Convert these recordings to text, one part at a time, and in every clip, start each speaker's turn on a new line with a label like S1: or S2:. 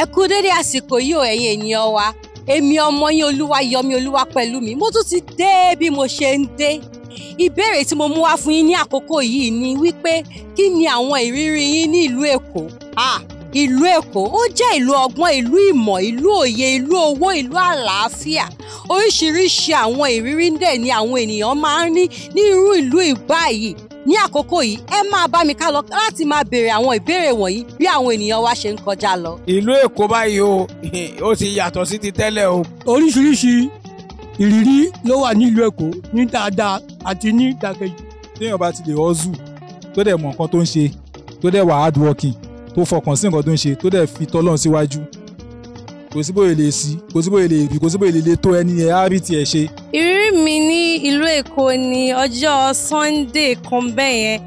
S1: ẹ kú dédé àsìkò yìí o ẹ̀yin ènìyàn wa èmi ọmọ yín olúwa yọmí olúwa pẹ̀lú mi mo tún ti dé bí mo ṣe ń dé ìbéèrè tí mo mú wá fún yín ní àkókò yìí ni wípé kí ni àwọn ìrírí yín ní ìlú èkó ìlú èkó ó jẹ́ ìlú ọgbọ́n ìlú ìmọ̀ ìlú òye ìlú owó ìlú àlàáfíà oríṣiríṣi àwọn ìrírí dẹ̀ ni àwọn ènìyàn máa ń ní ní irú ìlú ìbáyìí ní àkókò yìí ẹ máa bá mi ká lọ láti máa béèrè àwọn ìbéèrè wọ̀nyí bí àwọn ènìyàn wa ṣe ń kọjá lọ.
S2: ìlú èkó báyìí o ó ti yàtọ̀ sí ti tẹ́lẹ̀ o. oríṣiríṣi ìrírí ló wà nílùú èkó ní dáadáa àti ní ìdàkejì. téèyàn bá ti lè hustle tó dẹ̀ mọ̀ nǹkan tó ń ṣe tó dẹ̀ wà hard working tó fọkàn sí nǹkan tó ń ṣe tó dẹ̀ fi tọ́lọ́run síwájú kò sí bóyá lè sí kò sí bóyá lè kò sí bóyá lè tó ẹni yẹn á rí tiẹ̀ ṣe.
S1: ìrírí mi ní ìlú Èkó ní ọjọ́ Sunday kan bẹ́ẹ̀ yẹn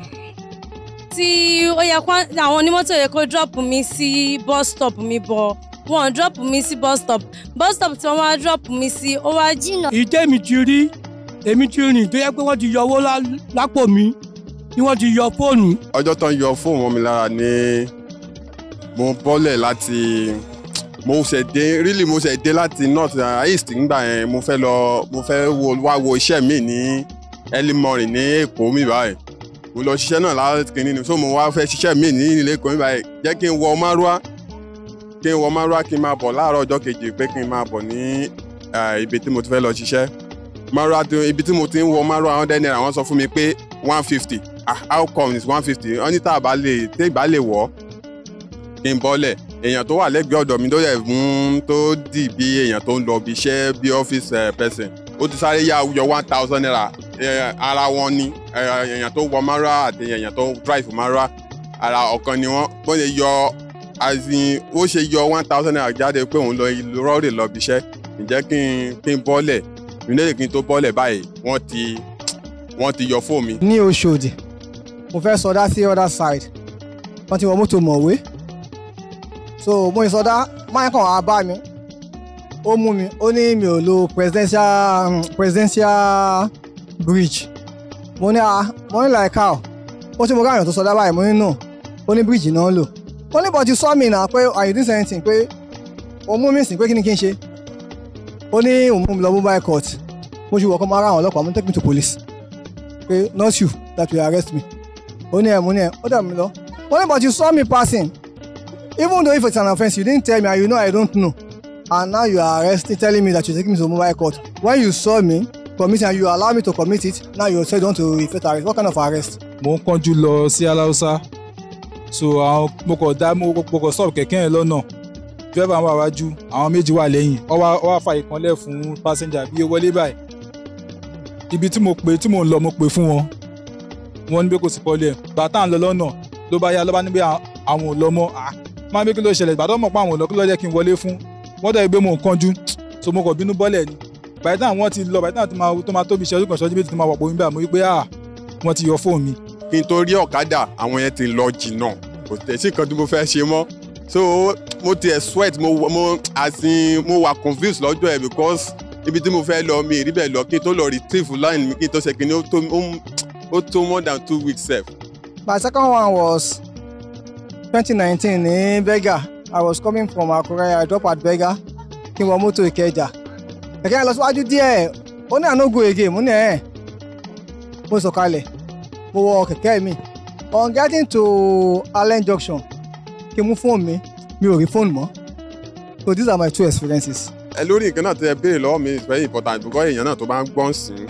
S1: tí ó yẹ kó àwọn onímọ́tò yẹ drop mi sí bus stop mi bọ̀ wọ́n drop mi sí bus stop bus stop tí wọ́n wá drop mi sí ó wá jìnnà.
S3: ìjẹ́ mi ti rí èmi ti rìn tó yẹ pé wọ́n ti
S4: yọ owó lápò mi ni wọ́n ti yọ fóònù. ọjọ́ tán yọ fóònù wọn mi lára ni mo bọ́lẹ̀ láti mo ṣẹ̀ dé really mo ṣẹ̀ dé láti north east nígbà yẹn mo fẹ́ lọ mo fẹ́ wá wo iṣẹ́ mi ní early morning ní èkó mi báyìí mo lọ ṣiṣẹ́ náà láti kìíní ni so mo wá fẹ́ ṣiṣẹ́ mi ní ilé èkó mi báyìí jẹ́ kí n wọ márúwá kí n wọ márúwá kí n máa bọ̀ láàárọ̀ ọjọ́ kejì pé kí n máa bọ̀ ní ibi tí mo ti fẹ́ lọ ṣiṣẹ́ márúwá ibi tí mo ti ń wọ márúwá one hundred naira wọ́n sọ fún mi pé one fifty ah how come is one fifty wọ́n ní tá a bá lè wọ̀ kí n bọ́lẹ̀ èèyàn tó wà lẹ́gbẹ̀ẹ́ ọ̀dọ̀ mi tó yẹ fún tó dì bí èèyàn tó ń lọ bí iṣẹ́ bí ọ́fíìsì eh, person ó ti sáré yá yọ one thousand naira eh, ara wọn ni eh, èèyàn tó wọ mara àti èèyàn tó drive mara ara ọ̀kan ni wọ́n wọ́n lè yọ azin ó ṣe yọ one thousand naira jáde pé òun lọ rọ́ọ̀rì lọ bí iṣẹ́ ǹjẹ́ kí n kí n bọ́lẹ̀ ìrìnlẹ̀ kí n tó bọ́lẹ̀ báyìí wọ́n ti wọ́n ti yọ fóònù mi.
S3: ní Oṣòdì mo fẹ́ sọdá sí other side wọ́n ti wọ mọ́tò mọ̀wé so Múyìísọdá michael wá bá mi ó mú mi ó ní mi ò lo presidential mm, presidential bridge mo ní a ah, mo ní like how ó ti mo káyọ̀ tó sọdá báyìí mo ní nù ó ní bridge náà lò ó ní bọ́ọ̀tì sọ́ọ̀mì náà pé àyùdí sẹ́yìntì pé ó mú mi sìn pé kí ni kí n ṣe ó ní òun mú mi lọ mobile court mo ṣe wọ̀ọ́kọ́ máa ra àwọn ọlọ́pàá mo take me to police pé not you that will arrest me ó ní ẹ̀ mo ní ẹ̀ ó dà mí lọ ó ní bọ́ọ̀tì sọ́ọ̀mì passing Even though if it's an offense, you didn't tell me, and you know I don't know. And now you are arresting, telling me that you're taking me to mobile court. When you saw me committing and you allow me to commit it, now you say you to effect arrest. What kind of arrest?
S2: Mo ń kánjú lọ sí Aláùsá. So àwọn mo kàn dá mo kàn stop kẹ̀kẹ́ yẹn lọ́nà. Dírẹ́bà wà wájú, àwọn méjì wà lẹ́yìn. Ọwọ́ ọwọ́ àfàyè kan fún pásẹ́njà bí ó wọlé báyìí. Ibi tí mo pè tí mò ń lọ mo pè fún wọn. Wọ́n ní pé kò sí pọ́lẹ̀. Bàtà ń lọ lọ́nà ló bá yá lọ́ba níbi àwọn ò lọ mọ́. Ah, máa ń bí kí ló ṣẹlẹ̀ ìgbà tó mọ̀ pé àwọn ọ̀nà kí ló yẹ kí n wọlé fún wọ́n dẹ̀ gbé mo nǹkan jú so mo kàn bínú bọ́lẹ̀ ni by the time wọ́n ti lọ by the time tó máa tóbi ìṣẹ́jú kan ṣọ́jú méjì tó máa wọ̀pọ̀ wíńbà mo wí pé ah wọ́n ti yọ fóònù mi.
S4: kí n tó rí ọ̀kadà àwọn yẹn ti lọ jìnnà kò tẹ̀sí kan tí mo fẹ́ ṣe mọ́ so mo tiẹ̀ sweat mo mo asin mo wà confused lọ́jọ́ ẹ̀ because ibi tí mo fẹ́ lọ mi ìríbẹ̀ lọ kí n tó lọ retrieve line mi kí n tó ṣe kí ni ó tó more than two weeks sef.
S3: my second one was 2019 ní Bega, I was coming from Akure I drop at Berger kí n wọ mọ́tò Ìkẹjà kẹ̀kẹ́ yẹn lọ síwájú díẹ̀ ó ní àná go again mo ní ẹ̀ mo sọ̀kalẹ̀ mo wọ kẹ̀kẹ́ mi on getting to Allen Junction kí n mú fóònù mi mi ò rí fóònù mọ́ so these are my two experiences.
S4: ẹ lórí nǹkan náà tẹ ẹ béèrè lọ́wọ́ mi is very important because èèyàn náà tó bá ń gbọ́n sí i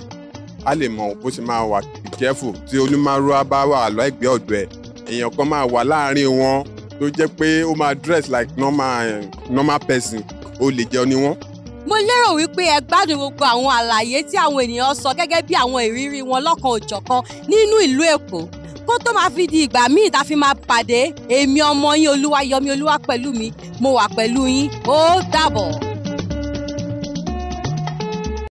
S4: á lè mọ bó ṣe máa wà careful tí olúmarúwá bá wà lọ ẹgbẹ́ ọ̀dọ́ ẹ̀ èèyàn kan máa wà láàárín wọn tó jẹ́ pé ó máa dress like normal eh, normal person ó lè jẹun ni wọ́n.
S1: mo lérò wípé ẹ gbádùn gbogbo àwọn àlàyé tí àwọn ènìyàn sọ gẹ́gẹ́ bí àwọn ìrírí wọn lọ́kan òjọ̀kan nínú ìlú èkó kó tó máa fi di ìgbà míì tá a fi máa pàdé èmi ọmọ yín olúwa yọmí olúwa pẹ̀lú mi mo wà pẹ̀lú yín ó dàbọ̀.